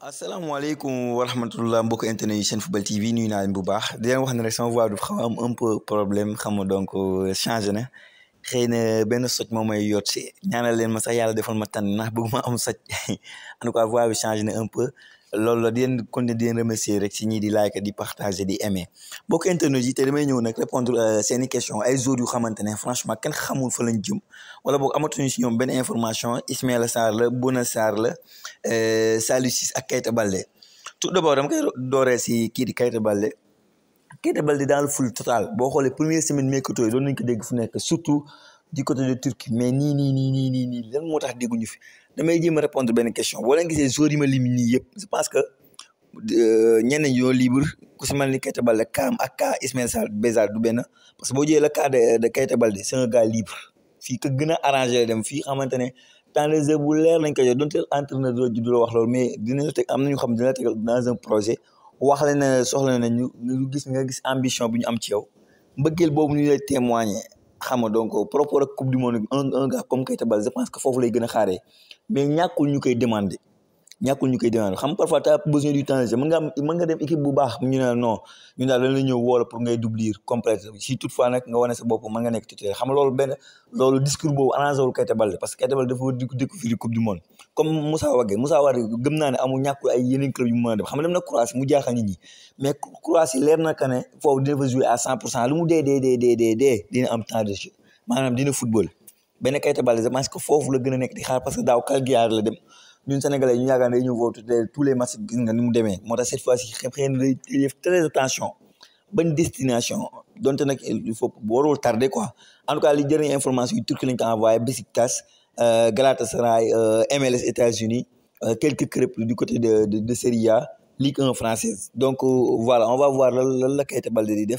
asalaamaaleykum wa rahmatullah mbok internet yi chaîne football TV nuy naa leen bu baax di len wax ni rek sama voix du xaw un peu problème xam donc euh, changer na xeyna ben benn momay moom may ñaanal len ma sax yalla defal ma tan ndax bëgguma am soj en tout cas voix bi changer na un peu loolu la di leen continuer di leen remercier rek si ñii di like di partager di aimer bokk internet yi te damay ñëw nag répondre euh, seeni question ay jours yu xamante ne franchement kenn xamul fa lañ jëm wala boog amatuñu si ñoom benn information Ismaïla Sarr la Bouna Sarr la euh, Saliou ak kayta balde tout d'abord dama koy dooree si kii di kayta balde kayta balde dans le full total boo xoolee première semaine mercato yi doon nañ ko dégg fu nekk surtout du côté de Turquie mais ni ni ni ni ni lan question je pense que euh, nous libre si du parce que de c'est un gars libre dans un projet ambition xam donc par rapport coupe du monde un gars comme Keita je pense que foofu lay gën a xaaree mais ñàkkul ñu koy demandé ñàkkul ñu koy demande xam parfois t'as besoin du temps mën nga am mën nga dem équipe bu baax ñu ne non ñu daal dañ la ñëw woola pour ngay doublir complète si toutefois nag nga wane sa bopp mën nga nekk titulaire xam loolu benn loolu discours boobu arrangé wul a dem xam nga foofu dina fa jouer à cent pour cent que foofu la gën a nekk di xaar parce que daaw Cagliari la dem nous sénégalais ñu yaakaar nous tous les matchs qui nous ni mu cette fois ci xëy na très attention Bonne destination Donc, il faut warul tarder en tout cas les dernières informations que Turquie lañ a envoyé Besiktas euh, Galatasaray euh, MLS États-Unis euh, quelques clubs du côté de de Serie A Ligue 1 française donc voilà on va voir la qualité de di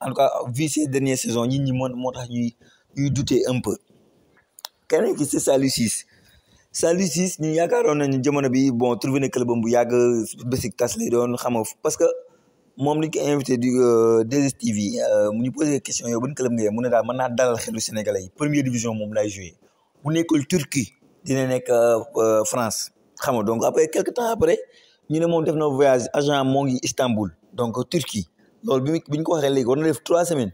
en tout cas vu ces dernières saisons nous ñi douté un peu. ñuy ñuy douter un peu keneen ki c'est ça, Lucis Saliou Ciss ñu yaakaaroon nañu jamono bi bon trouvé na club bu yàgg Besiktas lay doon xam parce que moom lañ ko invité du euh, des stv euh, mu ñu posé question yow ban club nga mu ne daal mën naa dalal xelu Sénégalais yi première division moom lay joué bu nekkul Turquie dina nekk euh, France xam nga donc après quelque temps après ñu ne moom def na voyage agent moo ngi Istanbul donc Turquie loolu bi bi ñu ko waxee léegi war na def trois semaines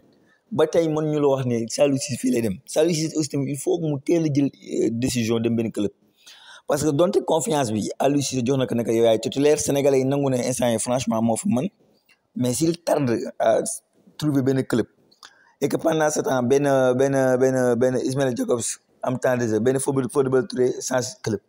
ba tey man ñu la wax ne Saliou Ciss fii lay dem Saliou Ciss aussi il faut que mu teel a jël décision dem benn club parce que donte confiance bi à lui, jox na que titulaire sénégalais yi instant franchement mo fa mais s'il tarde à trouver un club et que pendant ce temps Ben, Ben, Ben, Ben, Ismaël Jacobs am temps de football, football, un Touré sans club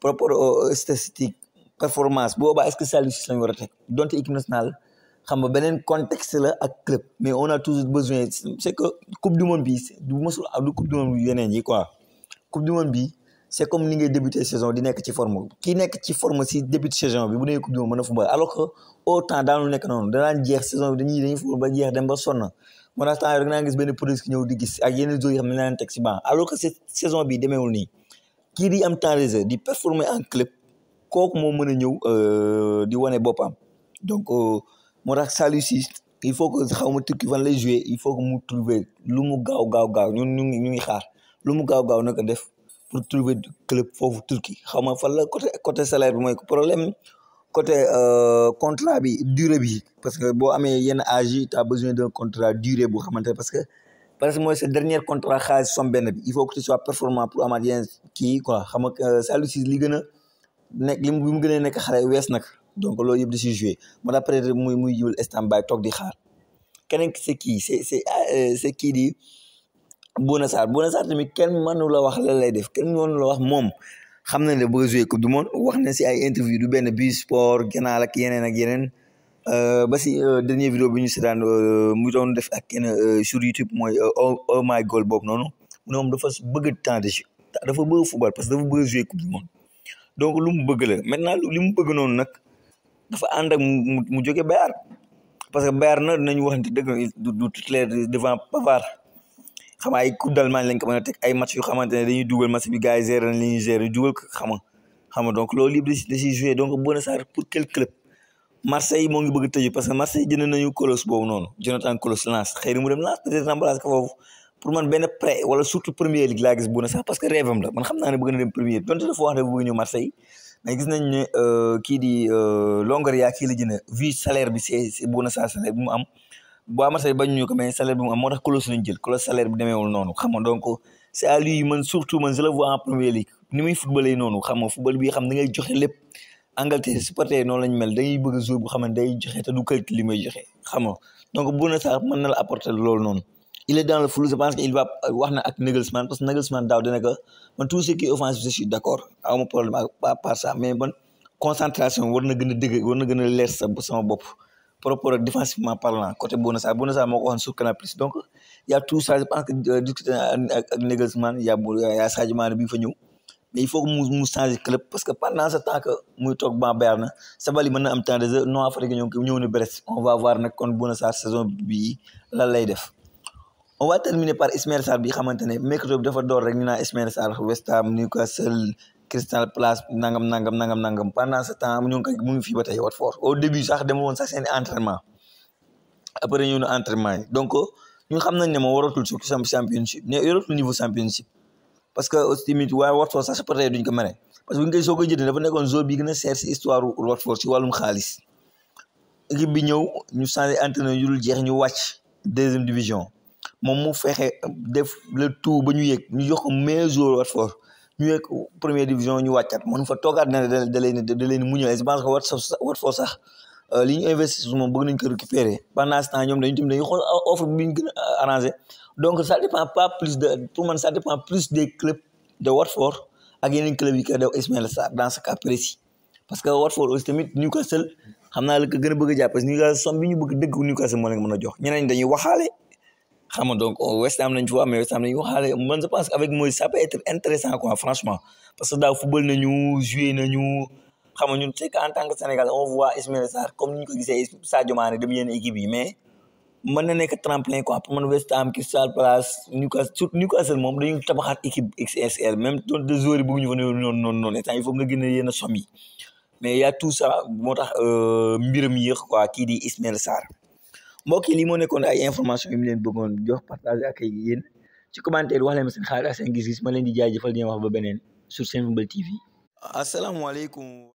par rapport aux statistiques performance performances, est ce que ça lui Cissé lañu war donte équipe nationale xam a contexte la ak club mais on a toujours besoin c'est que coupe du monde bi du coupe du monde yenen yi quoi coupe du monde bi c'est comme ni ngay débuter saison di nek ci forme ki nek ci forme si début saison bi bu dee coupe du monde football alors que autant daanu nekk noonu danaan jeex saison bi dañuy dañuy football ba jeex dem ba sonna moo tax temps rek naa gis benn produit ki ñëw di gis ak yeneen joueurs yi xam na lan tek ci si banc alors que cette saison bi demeewul ni ki di am temps de di performer en club kok mo meuna a euh di wone bopam donc euh, moo tax Saliou il faut que xaw tukki van lay jouer il faut que mu trouver lu mu gaaw gaaw gaaw ñun ñu ngi ñu ngi xaar lu mu gaaw gaaw naka def pour trouver du club foofu Turquie xama fa la côté côté salaire bi mooy problème côté euh, contrat bi durée bi parce que bo amé yenn âge yi tu as besoin d'un contrat durée bu xamante parce que parce que moi ce dernier contrat xaalis som ben bi il faut que tu sois performant pour amaat yenn quoi xama nga euh, Saliou li gëna nek nekk li mu nek xalé wess nak donc lo yeb da si joué moo tax peut être muy muy jël stand by toog di xaar kenen c'est qui c'est c'est euh, c'est qui dit بونسار بونسار بونا سار تمي كان مانو لا واخ لا لاي ديف كان مانو لا واخ موم خامنا لي بوغي جوي كوب دو مون واخ نا سي اي انترفيو دو بن بي سبور غنال اك يينن اك يينن ا باسي ديرني فيديو بي ني سيدان مي دون ديف اك كين سور يوتيوب موي او ماي جول بوب نونو نوم دو فاس بوغ تان دي جو دا فا بوغ فوتبول باسكو دا فا بوغ جوي كوب دو مون دونك لوم بوغ لا مينا لوم بوغ نون نك دا فا اندك مو جوغي بار باسكو بار نا نيو واخ نتي دغ دو توت لير ديفان بافار xam ay coupe d'Allemagne lañ ko mën a teg ay match yu xamante ne dañuy dugal match bi gars yi gérer li ñuy gérer dugal ko xam xam nga donc loolu yëpp da ciy joué donc Bouna Sarr pour quel club Marseille moo ngi bëgg a tëju parce que Marseille jënd nañu Colosse boobu noonu Jonathan Colos Lens xëy na mu dem lance peut-être remplacé ko foofu pour man benn prêt wala surtout première ligue laa gis Bouna Sarr parce que rêve am la man xam naa ne bëgg na dem première donte dafa wax ne bëgg ñëw Marseille mais gis nañ ne euh, kii di euh, Longoria kii la jënd vu salaire bi c'est Bouna Sarr salaire bi mu am bu Marseille bañ ñu ko mais salaire bi mu am moo tax close lañ jël close salaire bi demeewul noonu xam nga donc c'est man surtout man je le vois en première mel dañuy bëgg jour bu xam ne day joxe te du calcul li may na sax loolu noonu il est dans le flou je pense que il man tout ce qui est offensif d'accord aw ma problème à part ça mais man concentration war na gën a dëgg war na gën a leer sa sama bopp propre défensivement parlant côté Bonassa. Bonassa moo ko waxoon sur Plus donc il y' a tout ça je pense que euh, du euh, ak ak y' a y' a bi fa mais il faut que nous changions changer club parce que pendant ce temps que nous sommes en Berne, ça va mën na am temps de jeu Nous, Afrique nous ñëw na Brest on va voir nag kon Bounassa saison bi lan lay def. on va terminer par Ismaël Sarbi. bi xamante ne mercato bi dafa door rek Ismaël West Ham Newcastle Crystal Palace nangam nangam nangam nangam pendant ce temps ñu ngi koy mu ngi fii ba tey Watford au début sax dama sax seen entraînement après ñu ne entraînement yi donc xam nañ ne moom waratul su championship ne waratul niveau championship parce que aussi tamit waaye Watford sax peut être duñ ko mere parce que bu ñu koy soo dafa nekkoon zone bi gën a seer si histoire Watford si wàllum xaalis équipe bi ñëw ñu changé entraîneur yu jeex ñu wàcc deuxième division moom mu fexe def le tout ba ñu yëg ñu jox ko meilleur joueur Watford ñu yegg première division ñu wàccaat mën fa toogaat ne da leen da leen muñal je pense que wat wat foo sax euh, li ñu investir moom bëgg nañ ko récupérer pendant ce temps ñoom dañu tim dañuy xool offre bi ñu gën a arrangé donc ça dépend pas plus de pour man ça dépend plus des clubs de Watford ak yeneen club yi ka def Ismaël Sarr dans ce cas précis parce que Watford aussi tamit Newcastle xam naa la ko gën a bëgg a jàpp parce que Newcastle somme bi ñu bëgg dëgg Newcastle moo leen mën a jox ñeneen dañuy waxaale xam donc donc West Ham lañ ci mais West Ham lañ waxaale man je pense qu'avec Moïse ça peut être intéressant quoi franchement parce que le football nañu jouer nañu xam nga ñun c'est qu'en tant que Sénégalais on voit Ismaïla Sarr comme ni ñu ko gisee Sadio Mané dem yenn équipe yi mais mën na nekk tremplin quoi pour mon West Ham Crystal Palace Newcastle surtout Newcastle moom dañu tabaxaat équipe XSR même ton de joueurs yi bëgguñu non non non non il faut nga génne yenn somme yi mais y a tout ça moo euh, mbiram yéex quoi qui di Ismaïla Sarr mbokk yi lii moo nekkoon ay information yi mu leen bëggoon partage ak ay yéen ci commentaire wax leen ma seen xalaat gis-gis ma leen di jaajëfal di wax ba sur Senfootball TV asalaamaaleykum